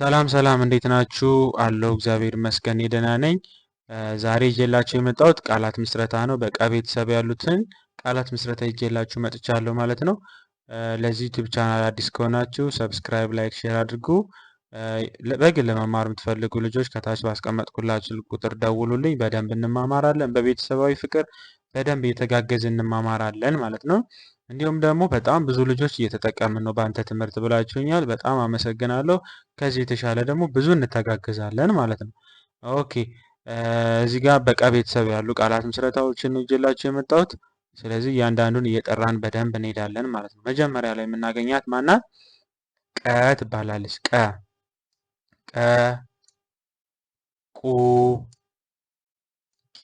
ሰላም ሰላም እንዴት ናችሁ? አለው እግዚአብሔር ይመስገን ደህና ነኝ። ዛሬ ይዤላችሁ የመጣሁት ቃላት ምስረታ ነው። በቀ ቤተሰብ ያሉትን ቃላት ምስረታ ይዤላችሁ መጥቻለሁ ማለት ነው። ለዚህ ዩቲዩብ ቻናል አዲስ ከሆናችሁ ሰብስክራይብ፣ ላይክ፣ ሼር አድርጉ። በግል ለመማር የምትፈልጉ ልጆች ከታች ባስቀመጥኩላችሁ ቁጥር ደውሉልኝ። በደንብ እንማማራለን። በቤተሰባዊ ፍቅር በደንብ እየተጋገዝ እንማማራለን ማለት ነው። እንዲሁም ደግሞ በጣም ብዙ ልጆች እየተጠቀምን ነው በአንተ ትምህርት ብላችሁኛል። በጣም አመሰግናለሁ። ከዚህ የተሻለ ደግሞ ብዙ እንተጋገዛለን ማለት ነው። ኦኬ እዚህ ጋር በቀ ቤተሰብ ያሉ ቃላት ምስረታዎችን ነው ይዤላችሁ የመጣሁት። ስለዚህ እያንዳንዱን እየጠራን በደንብ እንሄዳለን ማለት ነው። መጀመሪያ ላይ የምናገኛት ማናት? ቀ ትባላለች። ቀ ቀ ቁ ቂ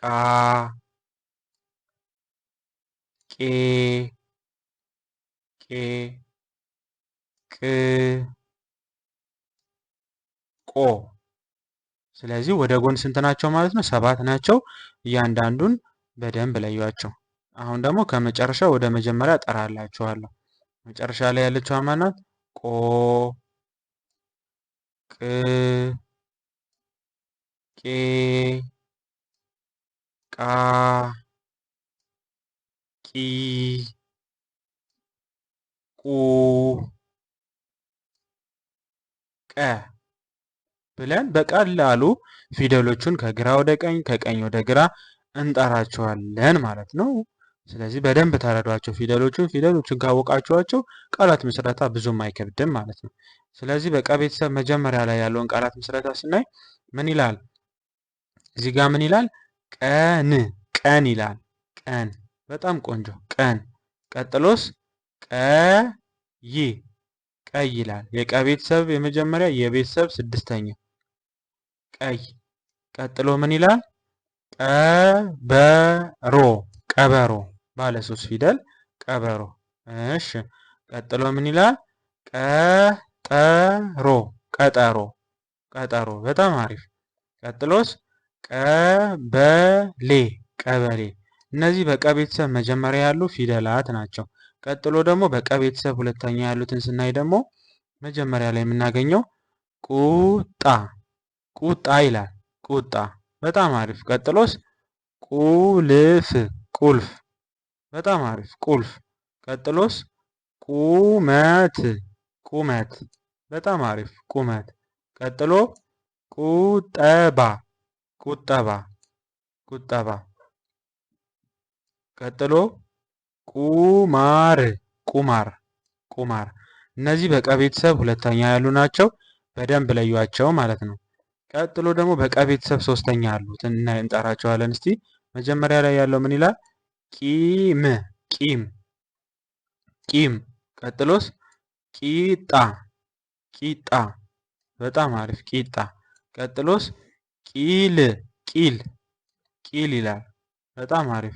ቃ ቄ ቄ ቅ ቆ። ስለዚህ ወደ ጎን ስንት ናቸው ማለት ነው? ሰባት ናቸው። እያንዳንዱን በደንብ ለዩዋቸው። አሁን ደግሞ ከመጨረሻ ወደ መጀመሪያ ጠራላችኋለሁ። መጨረሻ ላይ ያለችው አማናት ቆ ቅ ቄ ቃ ቂ ቁ ቀ ብለን በቀላሉ ፊደሎቹን ከግራ ወደ ቀኝ ከቀኝ ወደ ግራ እንጠራቸዋለን ማለት ነው። ስለዚህ በደንብ ተረዷቸው ፊደሎቹን። ፊደሎቹን ካወቃችኋቸው ቃላት ምስረታ ብዙም አይከብድም ማለት ነው። ስለዚህ በቀ ቤተሰብ መጀመሪያ ላይ ያለውን ቃላት ምስረታ ስናይ ምን ይላል? እዚህ ጋር ምን ይላል? ቀን ቀን ይላል። ቀን በጣም ቆንጆ ቀን። ቀጥሎስ ቀይ ቀይ ይላል። የቀ ቤተሰብ የመጀመሪያ የቤተሰብ ስድስተኛ ቀይ። ቀጥሎ ምን ይላል? ቀበሮ ቀበሮ ባለ ሶስት ፊደል ቀበሮ። እሺ ቀጥሎ ምን ይላል? ቀጠሮ ቀጠሮ ቀጠሮ በጣም አሪፍ። ቀጥሎስ ቀበሌ ቀበሌ እነዚህ በቀ ቤተሰብ መጀመሪያ ያሉ ፊደላት ናቸው። ቀጥሎ ደግሞ በቀ ቤተሰብ ሁለተኛ ያሉትን ስናይ ደግሞ መጀመሪያ ላይ የምናገኘው ቁጣ ቁጣ ይላል። ቁጣ በጣም አሪፍ። ቀጥሎስ ቁልፍ ቁልፍ በጣም አሪፍ ቁልፍ። ቀጥሎስ ቁመት ቁመት በጣም አሪፍ ቁመት። ቀጥሎ ቁጠባ ቁጠባ ቁጠባ ቀጥሎ ቁማር ቁማር ቁማር እነዚህ በቀ ቤተሰብ ሁለተኛ ያሉ ናቸው። በደንብ ለዩዋቸው ማለት ነው። ቀጥሎ ደግሞ በቀ ቤተሰብ ሶስተኛ አሉ እንጠራቸዋለን። እስቲ መጀመሪያ ላይ ያለው ምን ይላል? ቂም ቂም ቂም። ቀጥሎስ ቂጣ ቂጣ። በጣም አሪፍ ቂጣ። ቀጥሎስ ቂል ቂል ቂል ይላል። በጣም አሪፍ።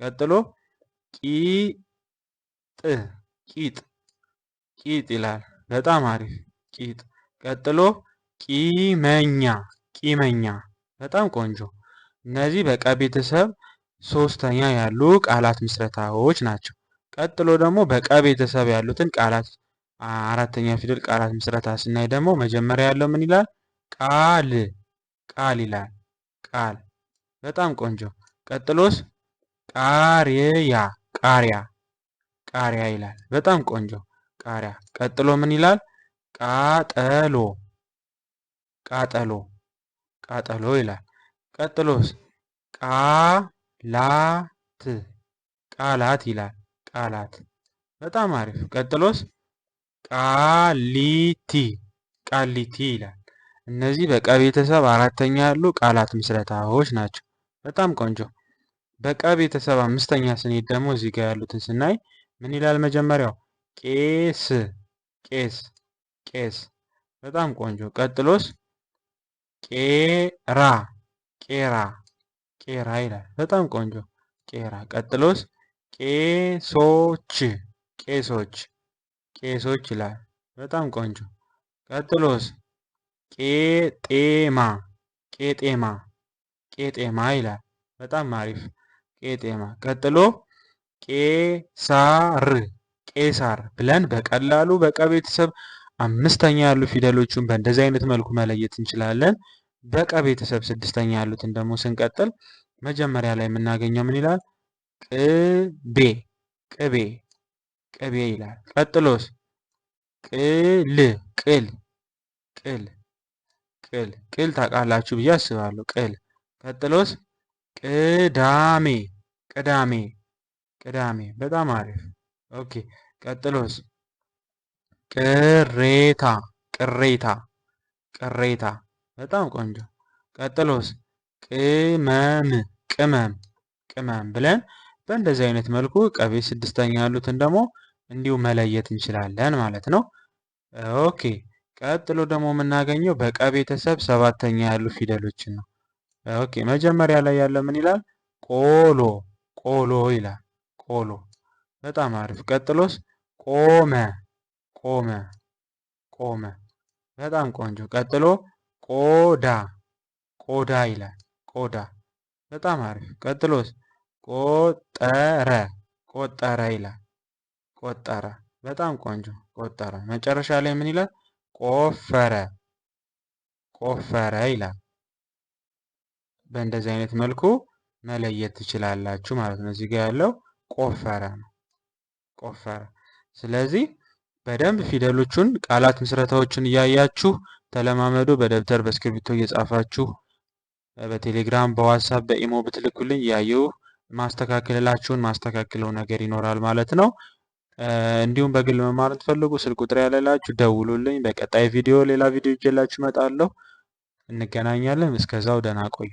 ቀጥሎ ቂጥ ቂጥ ቂጥ ይላል። በጣም አሪፍ። ቂጥ። ቀጥሎ ቂመኛ ቂመኛ። በጣም ቆንጆ። እነዚህ በቀ ቤተሰብ ሶስተኛ ያሉ ቃላት ምስረታዎች ናቸው። ቀጥሎ ደግሞ በቀ ቤተሰብ ያሉትን ቃላት አራተኛ ፊደል ቃላት ምስረታ ስናይ ደግሞ መጀመሪያ ያለው ምን ይላል? ቃል ቃል ይላል። ቃል በጣም ቆንጆ። ቀጥሎስ ቃሪያ ቃሪያ ቃሪያ ይላል። በጣም ቆንጆ ቃሪያ። ቀጥሎ ምን ይላል? ቃጠሎ ቃጠሎ ቃጠሎ ይላል። ቀጥሎስ ቃላት ቃላት ይላል። ቃላት በጣም አሪፍ። ቀጥሎስ ቃሊቲ ቃሊቲ ይላል። እነዚህ በቀ ቤተሰብ አራተኛ ያሉ ቃላት ምስረታዎች ናቸው። በጣም ቆንጆ። በቀ ቤተሰብ አምስተኛ ስንሄድ ደግሞ እዚህ ጋር ያሉትን ስናይ ምን ይላል? መጀመሪያው ቄስ ቄስ ቄስ። በጣም ቆንጆ። ቀጥሎስ ቄራ ቄራ ቄራ ይላል። በጣም ቆንጆ። ቄራ። ቀጥሎስ ቄሶች ቄሶች ቄሶች ይላል። በጣም ቆንጆ። ቀጥሎስ ቄጤማ ቄጤማ ቄጤማ ይላል። በጣም አሪፍ ቄጤማ። ቀጥሎ ቄሳር ቄሳር ብለን በቀላሉ በቀ ቤተሰብ አምስተኛ ያሉ ፊደሎቹን በእንደዚህ አይነት መልኩ መለየት እንችላለን። በቀ ቤተሰብ ስድስተኛ ያሉትን ደግሞ ስንቀጥል መጀመሪያ ላይ የምናገኘው ምን ይላል? ቅቤ ቅቤ ቅቤ ይላል። ቀጥሎስ ቅል ቅል ቅል ቅል ቅል ታውቃላችሁ ብዬ አስባለሁ። ቅል ቀጥሎስ ቅዳሜ ቅዳሜ ቅዳሜ በጣም አሪፍ። ኦኬ ቀጥሎስ ቅሬታ ቅሬታ ቅሬታ በጣም ቆንጆ። ቀጥሎስ ቅመም ቅመም ቅመም ብለን በእንደዚህ አይነት መልኩ ቀቤ ስድስተኛ ያሉትን ደግሞ እንዲሁ መለየት እንችላለን ማለት ነው። ኦኬ ቀጥሎ ደግሞ የምናገኘው በቀ ቤተሰብ ሰባተኛ ያሉ ፊደሎችን ነው። ኦኬ መጀመሪያ ላይ ያለ ምን ይላል? ቆሎ ቆሎ ይላል። ቆሎ በጣም አሪፍ። ቀጥሎስ? ቆመ ቆመ ቆመ በጣም ቆንጆ። ቀጥሎ ቆዳ ቆዳ ይላል። ቆዳ በጣም አሪፍ። ቀጥሎስ? ቆጠረ ቆጠረ ይላል። ቆጠረ በጣም ቆንጆ። ቆጠረ መጨረሻ ላይ ምን ይላል? ቆፈረ ቆፈረ ይላል። በእንደዚህ አይነት መልኩ መለየት ትችላላችሁ ማለት ነው። እዚህ ጋር ያለው ቆፈረ ነው። ቆፈረ። ስለዚህ በደንብ ፊደሎቹን፣ ቃላት ምስረታዎችን እያያችሁ ተለማመዱ። በደብተር በእስክሪብቶ እየጻፋችሁ በቴሌግራም በዋትሳፕ በኢሞ ብትልኩልኝ እያየሁ ማስተካከልላችሁን ማስተካክለው ነገር ይኖራል ማለት ነው። እንዲሁም በግል መማር ትፈልጉ ስልክ ቁጥር ያለላችሁ ደውሉልኝ። በቀጣይ ቪዲዮ ሌላ ቪዲዮ ይዤላችሁ እመጣለሁ። እንገናኛለን። እስከዛው ደህና ቆዩ።